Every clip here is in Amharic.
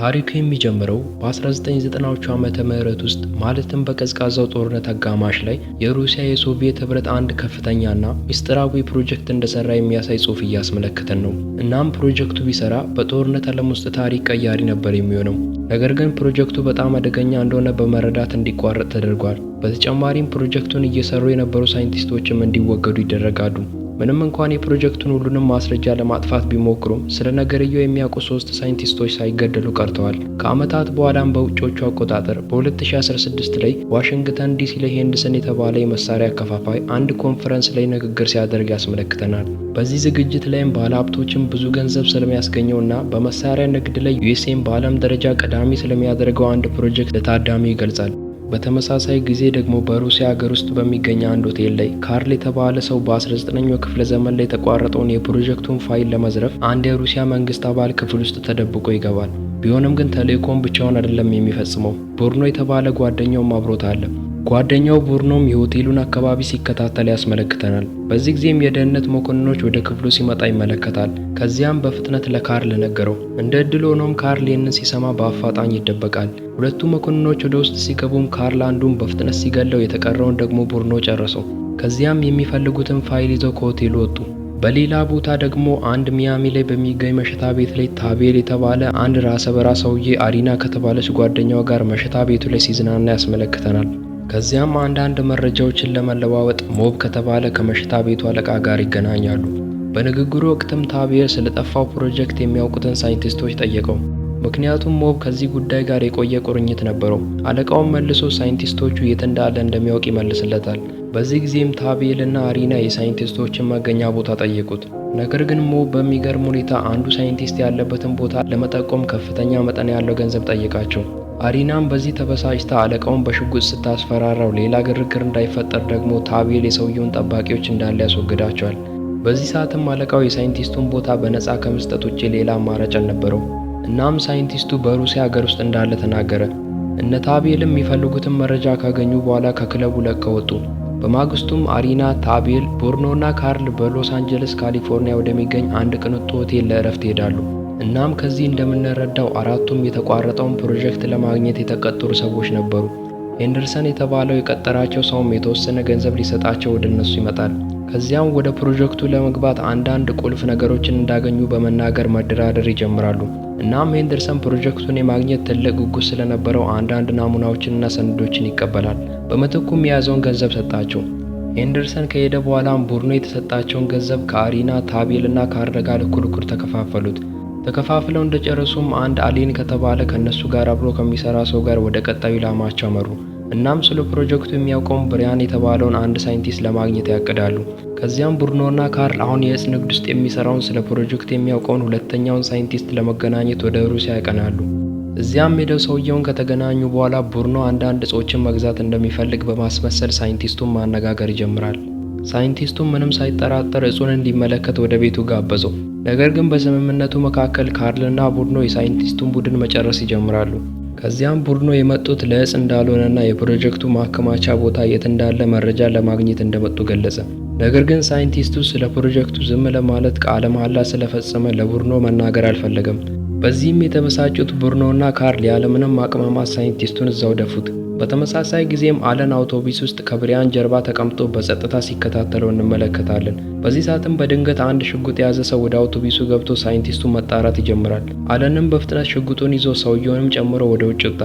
ታሪኩ የሚጀምረው በ1990ዎቹ ዓመተ ምህረት ውስጥ ማለትም በቀዝቃዛው ጦርነት አጋማሽ ላይ የሩሲያ የሶቪየት ህብረት አንድ ከፍተኛና ሚስጥራዊ ፕሮጀክት እንደሰራ የሚያሳይ ጽሑፍ እያስመለከተን ነው። እናም ፕሮጀክቱ ቢሰራ በጦርነት ዓለም ውስጥ ታሪክ ቀያሪ ነበር የሚሆነው። ነገር ግን ፕሮጀክቱ በጣም አደገኛ እንደሆነ በመረዳት እንዲቋረጥ ተደርጓል። በተጨማሪም ፕሮጀክቱን እየሰሩ የነበሩ ሳይንቲስቶችም እንዲወገዱ ይደረጋሉ። ምንም እንኳን የፕሮጀክቱን ሁሉንም ማስረጃ ለማጥፋት ቢሞክሩም ስለ ነገርየው የሚያውቁ ሶስት ሳይንቲስቶች ሳይገደሉ ቀርተዋል። ከዓመታት በኋላም በውጮቹ አቆጣጠር በ2016 ላይ ዋሽንግተን ዲሲ ላይ ሄንድሰን የተባለ የመሳሪያ አከፋፋይ አንድ ኮንፈረንስ ላይ ንግግር ሲያደርግ ያስመለክተናል። በዚህ ዝግጅት ላይም ባለሀብቶችን ብዙ ገንዘብ ስለሚያስገኘው እና በመሳሪያ ንግድ ላይ ዩኤስኤን በዓለም ደረጃ ቀዳሚ ስለሚያደርገው አንድ ፕሮጀክት ለታዳሚ ይገልጻል። በተመሳሳይ ጊዜ ደግሞ በሩሲያ ሀገር ውስጥ በሚገኝ አንድ ሆቴል ላይ ካርል የተባለ ሰው በ19ኛው ክፍለ ዘመን ላይ የተቋረጠውን የፕሮጀክቱን ፋይል ለመዝረፍ አንድ የሩሲያ መንግስት አባል ክፍል ውስጥ ተደብቆ ይገባል። ቢሆንም ግን ተልእኮን ብቻውን አይደለም የሚፈጽመው። ቡርኖ የተባለ ጓደኛውም አብሮት አለ። ጓደኛው ቡርኖም የሆቴሉን አካባቢ ሲከታተል ያስመለክተናል። በዚህ ጊዜም የደህንነት መኮንኖች ወደ ክፍሉ ሲመጣ ይመለከታል። ከዚያም በፍጥነት ለካርል ነገረው። እንደ እድል ሆኖም ካርል ይህንን ሲሰማ በአፋጣኝ ይደበቃል። ሁለቱ መኮንኖች ወደ ውስጥ ሲገቡም ካርል አንዱን በፍጥነት ሲገለው፣ የተቀረውን ደግሞ ቡርኖ ጨረሰው። ከዚያም የሚፈልጉትን ፋይል ይዘው ከሆቴሉ ወጡ። በሌላ ቦታ ደግሞ አንድ ሚያሚ ላይ በሚገኝ መሸታ ቤት ላይ ታቤል የተባለ አንድ ራሰ በራ ሰውዬ አሪና ከተባለች ጓደኛዋ ጋር መሸታ ቤቱ ላይ ሲዝናና ያስመለክተናል። ከዚያም አንዳንድ መረጃዎችን ለመለዋወጥ ሞብ ከተባለ ከመሸታ ቤቱ አለቃ ጋር ይገናኛሉ። በንግግሩ ወቅትም ታቤል ስለጠፋው ፕሮጀክት የሚያውቁትን ሳይንቲስቶች ጠየቀው። ምክንያቱም ሞብ ከዚህ ጉዳይ ጋር የቆየ ቁርኝት ነበረው። አለቃውም መልሶ ሳይንቲስቶቹ የት እንዳለ እንደሚያውቅ ይመልስለታል። በዚህ ጊዜም እና አሪና የሳይንቲስቶችን መገኛ ቦታ ጠየቁት። ነገር ግን ሞ በሚገርም ሁኔታ አንዱ ሳይንቲስት ያለበትን ቦታ ለመጠቆም ከፍተኛ መጠን ያለው ገንዘብ ጠየቃቸው። አሪናም በዚህ ተበሳጭታ አለቃውን በሽጉጥ ስታስፈራራው ሌላ ግርግር እንዳይፈጠር ደግሞ ታቤል የሰውየውን ጠባቂዎች እንዳለ ያስወግዳቸዋል። በዚህ ሰዓትም አለቃው የሳይንቲስቱን ቦታ በነፃ ከመስጠት ውጭ ሌላ አማራጭ አልነበረው። እናም ሳይንቲስቱ በሩሲያ ሀገር ውስጥ እንዳለ ተናገረ። እነ ታቤልም የሚፈልጉትን መረጃ ካገኙ በኋላ ከክለቡ ለቀው ወጡ። በማግስቱም አሪና፣ ታቤል፣ ቦርኖና ካርል በሎስ አንጀለስ ካሊፎርኒያ ወደሚገኝ አንድ ቅንጡ ሆቴል ለእረፍት ይሄዳሉ። እናም ከዚህ እንደምንረዳው አራቱም የተቋረጠውን ፕሮጀክት ለማግኘት የተቀጠሩ ሰዎች ነበሩ። ሄንደርሰን የተባለው የቀጠራቸው ሰውም የተወሰነ ገንዘብ ሊሰጣቸው ወደ እነሱ ይመጣል። ከዚያም ወደ ፕሮጀክቱ ለመግባት አንዳንድ ቁልፍ ነገሮችን እንዳገኙ በመናገር መደራደር ይጀምራሉ። እናም ሄንደርሰን ፕሮጀክቱን የማግኘት ትልቅ ጉጉት ስለነበረው አንዳንድ ናሙናዎችንና ሰነዶችን ይቀበላል። በምትኩም የያዘውን ገንዘብ ሰጣቸው። ሄንደርሰን ከሄደ በኋላም ቡድኑ የተሰጣቸውን ገንዘብ ከአሪና ታቤል እና ከአረጋል ኩርኩር ተከፋፈሉት። ተከፋፍለው እንደጨረሱም አንድ አሊን ከተባለ ከእነሱ ጋር አብሮ ከሚሰራ ሰው ጋር ወደ ቀጣዩ ላማቸው መሩ። እናም ስለ ፕሮጀክቱ የሚያውቀውን ብሪያን የተባለውን አንድ ሳይንቲስት ለማግኘት ያቅዳሉ። ከዚያም ቡርኖና ካርል አሁን የእጽ ንግድ ውስጥ የሚሰራውን ስለ ፕሮጀክት የሚያውቀውን ሁለተኛውን ሳይንቲስት ለመገናኘት ወደ ሩሲያ ያቀናሉ። እዚያም ሄደው ሰውየውን ከተገናኙ በኋላ ቡርኖ አንዳንድ እጾችን መግዛት እንደሚፈልግ በማስመሰል ሳይንቲስቱን ማነጋገር ይጀምራል። ሳይንቲስቱ ምንም ሳይጠራጠር እጹን እንዲመለከት ወደ ቤቱ ጋበዘው። ነገር ግን በስምምነቱ መካከል ካርልና ቡርኖ የሳይንቲስቱን ቡድን መጨረስ ይጀምራሉ። ከዚያም ቡድኑ የመጡት ለእጽ እንዳልሆነና የፕሮጀክቱ ማከማቻ ቦታ የት እንዳለ መረጃ ለማግኘት እንደመጡ ገለጸ። ነገር ግን ሳይንቲስቱ ስለ ፕሮጀክቱ ዝም ለማለት ቃለ መሐላ ስለፈጸመ ለቡድኑ መናገር አልፈለገም። በዚህም የተበሳጩት ብሩኖና ካርል ያለምንም ማቅማማት ሳይንቲስቱን እዛው ደፉት። በተመሳሳይ ጊዜም አለን አውቶቡስ ውስጥ ከብሪያን ጀርባ ተቀምጦ በጸጥታ ሲከታተለው እንመለከታለን። በዚህ ሰዓትም በድንገት አንድ ሽጉጥ የያዘ ሰው ወደ አውቶቡሱ ገብቶ ሳይንቲስቱ መጣራት ይጀምራል። አለንም በፍጥነት ሽጉጡን ይዞ ሰውየውንም ጨምሮ ወደ ውጭ ወጣ።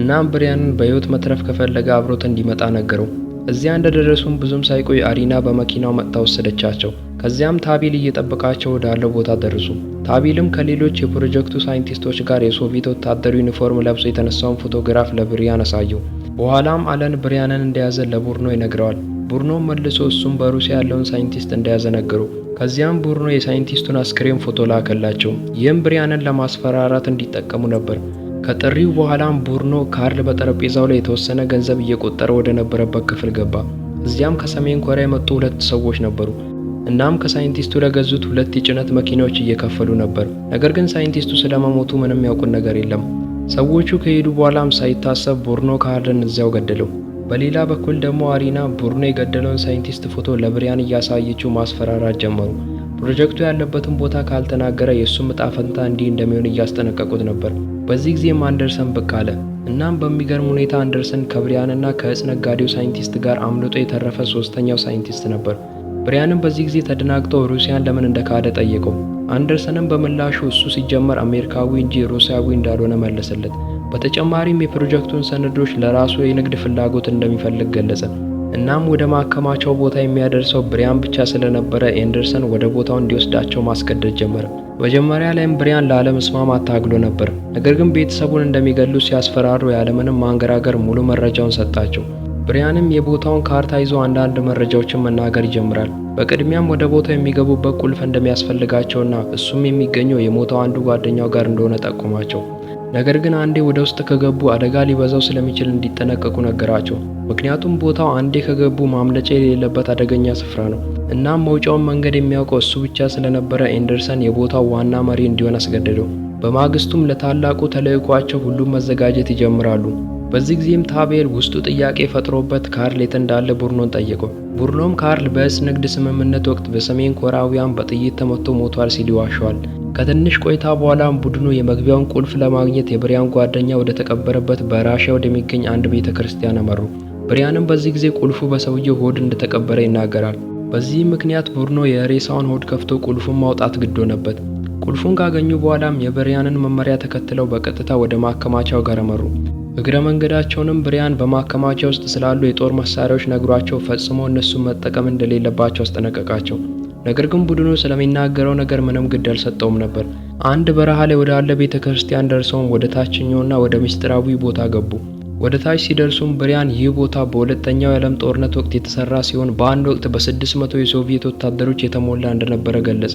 እናም ብሪያንን በህይወት መትረፍ ከፈለገ አብሮት እንዲመጣ ነገረው። እዚያ እንደደረሱም ብዙም ሳይቆይ አሪና በመኪናው መጥታ ወሰደቻቸው። ከዚያም ታቢል እየጠበቃቸው ወዳለው ቦታ ደረሱ። ታቢልም ከሌሎች የፕሮጀክቱ ሳይንቲስቶች ጋር የሶቪየት ወታደር ዩኒፎርም ለብሶ የተነሳውን ፎቶግራፍ ለብሪያን አሳየው። በኋላም አለን ብሪያንን እንደያዘ ለቡርኖ ይነግረዋል። ቡርኖ መልሶ እሱም በሩሲያ ያለውን ሳይንቲስት እንደያዘ ነገሩ። ከዚያም ቡርኖ የሳይንቲስቱን አስክሬን ፎቶ ላከላቸው። ይህም ብሪያንን ለማስፈራራት እንዲጠቀሙ ነበር። ከጥሪው በኋላም ቡርኖ ካርል በጠረጴዛው ላይ የተወሰነ ገንዘብ እየቆጠረ ወደ ነበረበት ክፍል ገባ። እዚያም ከሰሜን ኮሪያ የመጡ ሁለት ሰዎች ነበሩ። እናም ከሳይንቲስቱ ለገዙት ሁለት የጭነት መኪናዎች እየከፈሉ ነበር። ነገር ግን ሳይንቲስቱ ስለመሞቱ ምንም ያውቁን ነገር የለም። ሰዎቹ ከሄዱ በኋላም ሳይታሰብ ቦርኖ ካርደን እዚያው ገደለው። በሌላ በኩል ደግሞ አሪና ቡርኖ የገደለውን ሳይንቲስት ፎቶ ለብሪያን እያሳየችው ማስፈራራት ጀመሩ። ፕሮጀክቱ ያለበትን ቦታ ካልተናገረ የእሱም እጣ ፈንታ እንዲህ እንደሚሆን እያስጠነቀቁት ነበር። በዚህ ጊዜም አንደርሰን ብቅ አለ። እናም በሚገርም ሁኔታ አንደርሰን ከብሪያንና ከእጽ ነጋዴው ሳይንቲስት ጋር አምልጦ የተረፈ ሶስተኛው ሳይንቲስት ነበር። ብሪያንም በዚህ ጊዜ ተደናግጦ ሩሲያን ለምን እንደካደ ጠየቀው። አንደርሰንም በምላሹ እሱ ሲጀመር አሜሪካዊ እንጂ ሩሲያዊ እንዳልሆነ መለሰለት። በተጨማሪም የፕሮጀክቱን ሰነዶች ለራሱ የንግድ ፍላጎት እንደሚፈልግ ገለጸ። እናም ወደ ማከማቸው ቦታ የሚያደርሰው ብሪያን ብቻ ስለነበረ ኤንደርሰን ወደ ቦታው እንዲወስዳቸው ማስገደድ ጀመረ። መጀመሪያ ላይም ብሪያን ላለመስማማት ታግሎ ነበር። ነገር ግን ቤተሰቡን እንደሚገሉ ሲያስፈራሩ ያለምንም ማንገራገር ሙሉ መረጃውን ሰጣቸው። ብሪያንም የቦታውን ካርታ ይዞ አንዳንድ መረጃዎችን መናገር ይጀምራል። በቅድሚያም ወደ ቦታው የሚገቡበት ቁልፍ እንደሚያስፈልጋቸውና እሱም የሚገኘው የሞተው አንዱ ጓደኛው ጋር እንደሆነ ጠቁማቸው፣ ነገር ግን አንዴ ወደ ውስጥ ከገቡ አደጋ ሊበዛው ስለሚችል እንዲጠነቀቁ ነገራቸው። ምክንያቱም ቦታው አንዴ ከገቡ ማምለጫ የሌለበት አደገኛ ስፍራ ነው። እናም መውጫውን መንገድ የሚያውቀው እሱ ብቻ ስለነበረ ኤንደርሰን የቦታው ዋና መሪ እንዲሆን አስገደደው። በማግስቱም ለታላቁ ተልዕኳቸው ሁሉም መዘጋጀት ይጀምራሉ። በዚህ ጊዜም ታቤል ውስጡ ጥያቄ ፈጥሮበት ካርል የት እንዳለ ቡርኖን ጠየቀው። ቡርኖም ካርል በእስ ንግድ ስምምነት ወቅት በሰሜን ኮሪያውያን በጥይት ተመቶ ሞቷል ሲል ይዋሸዋል። ከትንሽ ቆይታ በኋላም ቡድኑ የመግቢያውን ቁልፍ ለማግኘት የብሪያን ጓደኛ ወደ ተቀበረበት በራሽያ ወደሚገኝ አንድ ቤተ ክርስቲያን አመሩ። ብሪያንም በዚህ ጊዜ ቁልፉ በሰውየው ሆድ እንደተቀበረ ይናገራል። በዚህ ምክንያት ቡርኖ የሬሳውን ሆድ ከፍቶ ቁልፉን ማውጣት ግድ ሆነበት። ቁልፉን ካገኙ በኋላም የብሪያንን መመሪያ ተከትለው በቀጥታ ወደ ማከማቻው ጋር አመሩ። እግረ መንገዳቸውንም ብሪያን በማከማቻ ውስጥ ስላሉ የጦር መሳሪያዎች ነግሯቸው ፈጽሞ እነሱን መጠቀም እንደሌለባቸው አስጠነቀቃቸው። ነገር ግን ቡድኑ ስለሚናገረው ነገር ምንም ግድ አልሰጠውም ነበር። አንድ በረሃ ላይ ወዳለ ቤተ ክርስቲያን ደርሰውም ወደ ታችኛውና ወደ ምስጢራዊ ቦታ ገቡ። ወደ ታች ሲደርሱም ብሪያን ይህ ቦታ በሁለተኛው የዓለም ጦርነት ወቅት የተሰራ ሲሆን በአንድ ወቅት በ600 የሶቪየት ወታደሮች የተሞላ እንደነበረ ገለጸ።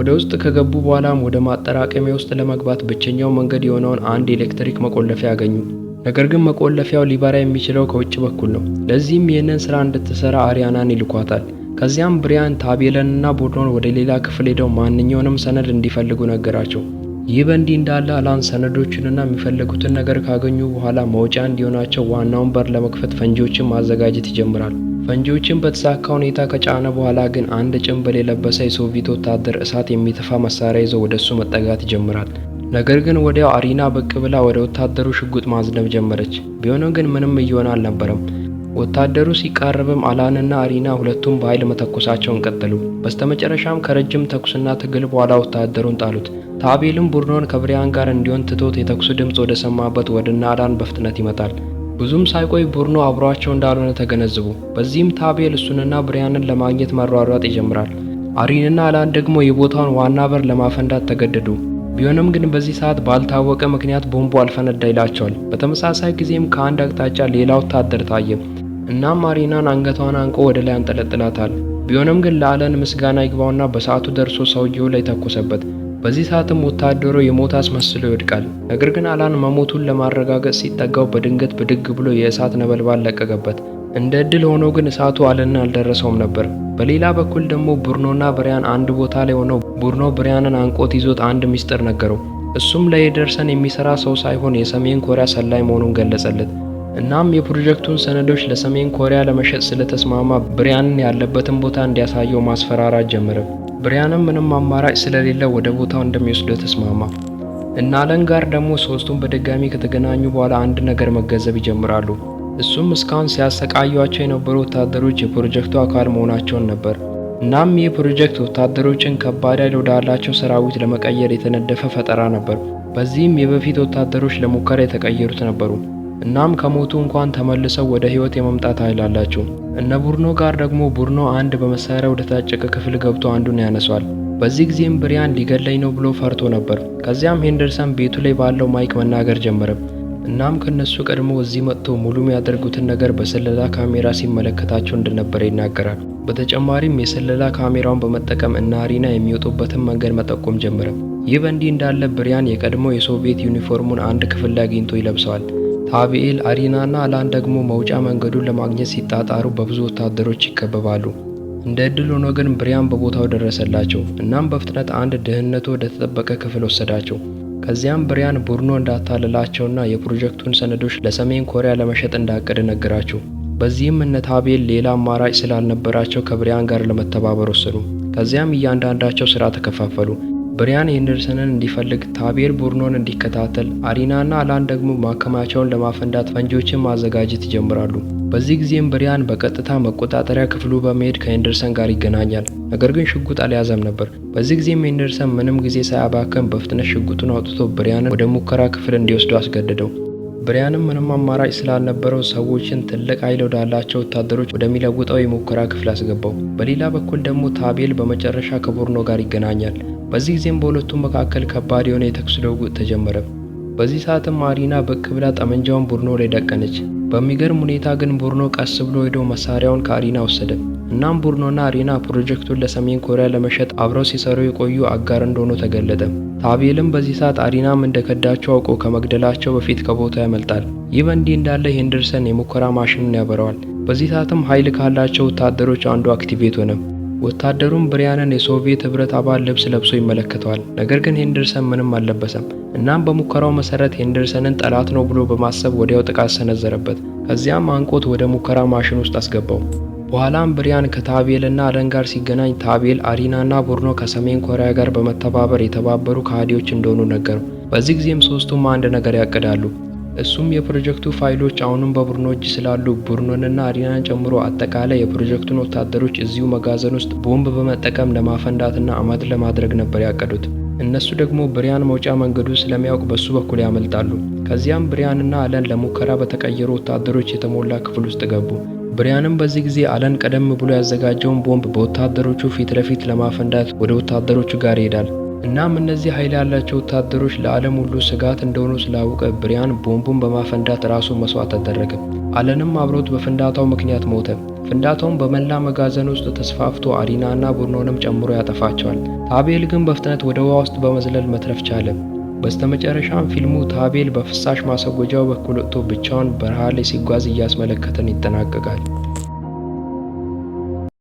ወደ ውስጥ ከገቡ በኋላም ወደ ማጠራቀሚያ ውስጥ ለመግባት ብቸኛው መንገድ የሆነውን አንድ ኤሌክትሪክ መቆለፊያ አገኙ። ነገር ግን መቆለፊያው ሊበራ የሚችለው ከውጭ በኩል ነው። ለዚህም ይህንን ስራ እንድትሰራ አሪያናን ይልኳታል። ከዚያም ብሪያን ታቤለንና ቡድኖን ወደ ሌላ ክፍል ሄደው ማንኛውንም ሰነድ እንዲፈልጉ ነገራቸው። ይህ በእንዲህ እንዳለ አላን ሰነዶቹንና የሚፈለጉትን ነገር ካገኙ በኋላ መውጫ እንዲሆናቸው ዋናውን በር ለመክፈት ፈንጂዎችን ማዘጋጀት ይጀምራል። ፈንጂዎችን በተሳካ ሁኔታ ከጫነ በኋላ ግን አንድ ጭንብል የለበሰ የሶቪየት ወታደር እሳት የሚተፋ መሳሪያ ይዘው ወደሱ መጠጋት ይጀምራል። ነገር ግን ወዲያው አሪና ብቅ ብላ ወደ ወታደሩ ሽጉጥ ማዝነብ ጀመረች። ቢሆንም ግን ምንም እየሆነ አልነበረም። ወታደሩ ሲቃረብም አላንና አሪና ሁለቱም በኃይል መተኮሳቸውን ቀጠሉ። በስተመጨረሻም ከረጅም ተኩስና ትግል በኋላ ወታደሩን ጣሉት። ታቤልም ቡድኖን ከብሪያን ጋር እንዲሆን ትቶት የተኩሱ ድምፅ ወደ ሰማበት ወደ ናዳን በፍጥነት ይመጣል። ብዙም ሳይቆይ ቡርኖ አብሯቸው እንዳልሆነ ተገነዝቡ። በዚህም ታቤል እሱንና ብሪያንን ለማግኘት መሯሯጥ ይጀምራል። አሪንና አላን ደግሞ የቦታውን ዋና በር ለማፈንዳት ተገደዱ። ቢሆንም ግን በዚህ ሰዓት ባልታወቀ ምክንያት ቦምቡ አልፈነዳ ይላቸዋል። በተመሳሳይ ጊዜም ከአንድ አቅጣጫ ሌላ ወታደር ታየ። እናም ማሪናን አንገቷን አንቆ ወደ ላይ አንጠለጥላታል። ቢሆንም ግን ለአለን ምስጋና ይግባውና በሰዓቱ ደርሶ ሰውየው ላይ ተኮሰበት። በዚህ ሰዓትም ወታደሩ የሞተ አስመስሎ ይወድቃል። ነገር ግን አላን መሞቱን ለማረጋገጥ ሲጠጋው በድንገት ብድግ ብሎ የእሳት ነበልባል ለቀቀበት። እንደ እድል ሆኖ ግን እሳቱ አለና አልደረሰውም ነበር። በሌላ በኩል ደግሞ ቡርኖና ብሪያን አንድ ቦታ ላይ ሆነው ቡርኖ ብሪያንን አንቆት ይዞት አንድ ሚስጥር ነገረው። እሱም ለኤደርሰን የሚሰራ ሰው ሳይሆን የሰሜን ኮሪያ ሰላይ መሆኑን ገለጸለት። እናም የፕሮጀክቱን ሰነዶች ለሰሜን ኮሪያ ለመሸጥ ስለተስማማ ብሪያንን ያለበትን ቦታ እንዲያሳየው ማስፈራራት ጀመረ። ብሪያንም ምንም አማራጭ ስለሌለ ወደ ቦታው እንደሚወስደው ተስማማ። እና አለን ጋር ደግሞ ሶስቱም በድጋሚ ከተገናኙ በኋላ አንድ ነገር መገንዘብ ይጀምራሉ። እሱም እስካሁን ሲያሰቃያቸው የነበሩ ወታደሮች የፕሮጀክቱ አካል መሆናቸውን ነበር። እናም ይህ ፕሮጀክት ወታደሮችን ከባድ ኃይል ወዳላቸው ሰራዊት ለመቀየር የተነደፈ ፈጠራ ነበር። በዚህም የበፊት ወታደሮች ለሙከራ የተቀየሩት ነበሩ። እናም ከሞቱ እንኳን ተመልሰው ወደ ህይወት የመምጣት ኃይል አላቸው። እነ ቡርኖ ጋር ደግሞ ቡርኖ አንድ በመሳሪያ ወደ ታጨቀ ክፍል ገብቶ አንዱን ያነሷል። በዚህ ጊዜም ብሪያን ሊገለኝ ነው ብሎ ፈርቶ ነበር። ከዚያም ሄንደርሰን ቤቱ ላይ ባለው ማይክ መናገር ጀመረ። እናም ከነሱ ቀድሞ እዚህ መጥቶ ሙሉ የሚያደርጉትን ነገር በስለላ ካሜራ ሲመለከታቸው እንደነበረ ይናገራል። በተጨማሪም የስለላ ካሜራውን በመጠቀም እና አሪና የሚወጡበትን መንገድ መጠቆም ጀመረ። ይህ በእንዲህ እንዳለ ብሪያን የቀድሞ የሶቪየት ዩኒፎርሙን አንድ ክፍል ላይ አግኝቶ ይለብሰዋል። ታቢኤል አሪናና አላን ደግሞ መውጫ መንገዱን ለማግኘት ሲጣጣሩ በብዙ ወታደሮች ይከበባሉ። እንደ እድል ሆኖ ግን ብሪያን በቦታው ደረሰላቸው። እናም በፍጥነት አንድ ደህንነቱ ወደ ተጠበቀ ክፍል ወሰዳቸው። ከዚያም ብሪያን ቡርኖ እንዳታልላቸውና የፕሮጀክቱን ሰነዶች ለሰሜን ኮሪያ ለመሸጥ እንዳቀደ ነገራቸው። በዚህም እነ ታቤል ሌላ አማራጭ ስላልነበራቸው ከብሪያን ጋር ለመተባበር ወሰኑ። ከዚያም እያንዳንዳቸው ስራ ተከፋፈሉ። ብሪያን ሄንደርሰንን እንዲፈልግ፣ ታቤል ቡርኖን እንዲከታተል፣ አሪናና አላን ደግሞ ማከማቸውን ለማፈንዳት ፈንጂዎችን ማዘጋጀት ይጀምራሉ። በዚህ ጊዜም ብሪያን በቀጥታ መቆጣጠሪያ ክፍሉ በመሄድ ከሄንደርሰን ጋር ይገናኛል። ነገር ግን ሽጉጥ አልያዘም ነበር። በዚህ ጊዜም ሄንደርሰን ምንም ጊዜ ሳያባከን በፍጥነት ሽጉጡን አውጥቶ ብሪያንን ወደ ሙከራ ክፍል እንዲወስዱ አስገደደው። ብሪያንም ምንም አማራጭ ስላልነበረው ሰዎችን ትልቅ ኃይል ወዳላቸው ወታደሮች ወደሚለውጠው የሙከራ ክፍል አስገባው። በሌላ በኩል ደግሞ ታቤል በመጨረሻ ከቦርኖ ጋር ይገናኛል። በዚህ ጊዜም በሁለቱም መካከል ከባድ የሆነ የተኩስ ልውውጥ ተጀመረ። በዚህ ሰዓትም ማሪና ብቅ ብላ ጠመንጃውን ቡድኖ ላይ ደቀነች። በሚገርም ሁኔታ ግን ቡርኖ ቀስ ብሎ ሄዶ መሳሪያውን ከአሪና ወሰደ። እናም ቡርኖና አሪና ፕሮጀክቱን ለሰሜን ኮሪያ ለመሸጥ አብረው ሲሰሩ የቆዩ አጋር እንደሆኑ ተገለጠ። ታቤልም በዚህ ሰዓት አሪናም እንደከዳቸው አውቆ ከመግደላቸው በፊት ከቦታው ያመልጣል። ይህ በእንዲህ እንዳለ ሄንደርሰን የሙከራ ማሽኑን ያበረዋል። በዚህ ሰዓትም ኃይል ካላቸው ወታደሮች አንዱ አክቲቬት ሆነ። ወታደሩም ብሪያንን የሶቪየት ህብረት አባል ልብስ ለብሶ ይመለከተዋል። ነገር ግን ሄንደርሰን ምንም አልለበሰም። እናም በሙከራው መሰረት ሄንደርሰንን ጠላት ነው ብሎ በማሰብ ወዲያው ጥቃት ሰነዘረበት። ከዚያም አንቆት ወደ ሙከራ ማሽን ውስጥ አስገባው። በኋላም ብሪያን ከታቤልና አደን ጋር ሲገናኝ ታቤል አሪናና ቡርኖ ከሰሜን ኮሪያ ጋር በመተባበር የተባበሩ ከሃዲዎች እንደሆኑ ነገረው። በዚህ ጊዜም ሶስቱም አንድ ነገር ያቅዳሉ። እሱም የፕሮጀክቱ ፋይሎች አሁንም በቡርኖ እጅ ስላሉ ቡርኖንና አሪናን ጨምሮ አጠቃላይ የፕሮጀክቱን ወታደሮች እዚሁ መጋዘን ውስጥ ቦምብ በመጠቀም ለማፈንዳትና አመድ ለማድረግ ነበር ያቀዱት። እነሱ ደግሞ ብሪያን መውጫ መንገዱ ስለሚያውቅ በሱ በኩል ያመልጣሉ። ከዚያም ብሪያንና አለን ለሙከራ በተቀየሩ ወታደሮች የተሞላ ክፍል ውስጥ ገቡ። ብሪያንም በዚህ ጊዜ አለን ቀደም ብሎ ያዘጋጀውን ቦምብ በወታደሮቹ ፊት ለፊት ለማፈንዳት ወደ ወታደሮቹ ጋር ይሄዳል። እናም እነዚህ ኃይል ያላቸው ወታደሮች ለዓለም ሁሉ ስጋት እንደሆኑ ስላወቀ ብሪያን ቦምቡን በማፈንዳት ራሱ መስዋዕት አደረገ። አለንም አብሮት በፍንዳታው ምክንያት ሞተ። ፍንዳታውም በመላ መጋዘን ውስጥ ተስፋፍቶ አሪናና ቡርኖንም ጨምሮ ያጠፋቸዋል። ታቤል ግን በፍጥነት ወደ ውሃ ውስጥ በመዝለል መትረፍ ቻለ። በስተመጨረሻም ፊልሙ ታቤል በፍሳሽ ማሰጎጃው በኩል ወጥቶ ብቻውን በረሃ ላይ ሲጓዝ እያስመለከተን ይጠናቀቃል።